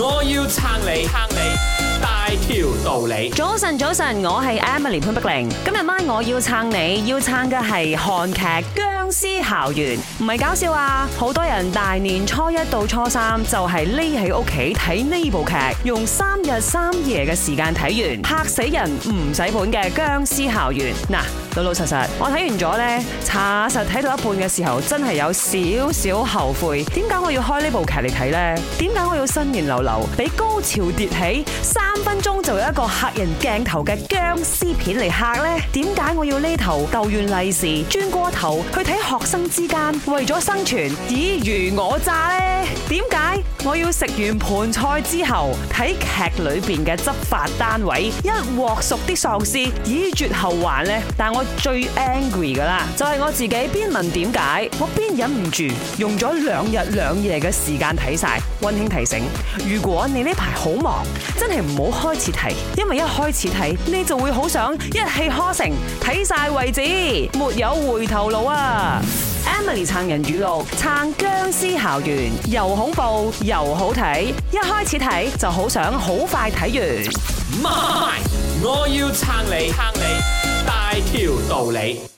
我要撐你撐你大條道理。早晨早晨，我係 Emily 潘碧玲。今日晚我要撐你，要撐嘅係韓劇《僵屍校園》，唔係搞笑啊！好多人大年初一到初三就係匿喺屋企睇呢部劇，用三日三夜嘅時間睇完，嚇死人唔使本嘅《僵屍校園》。嗱老老實實，我睇完咗呢，查實睇到一半嘅時候，真係有少少後悔，點解我要開呢部劇嚟睇呢？點解我要新年流流？俾高潮迭起，三分鐘就有一個嚇人鏡頭嘅殭屍片嚟嚇呢？點解我要呢頭舊怨利是，轉過頭去睇學生之間為咗生存，爾虞我詐呢。我要食完盤菜之後，睇劇裏邊嘅執法單位一鑊熟啲喪屍以絕後患呢，但我最 angry 噶啦，就係我自己邊問點解，我邊忍唔住用咗兩日兩夜嘅時間睇晒。溫馨提醒：如果你呢排好忙，真係唔好開始睇，因為一開始睇你就會好想一氣呵成睇晒為止，沒有回頭路啊！撐人語錄，撐僵屍校園，又恐怖又好睇，一開始睇就好想好快睇完。媽咪，我要撐你，撐你，大條道理。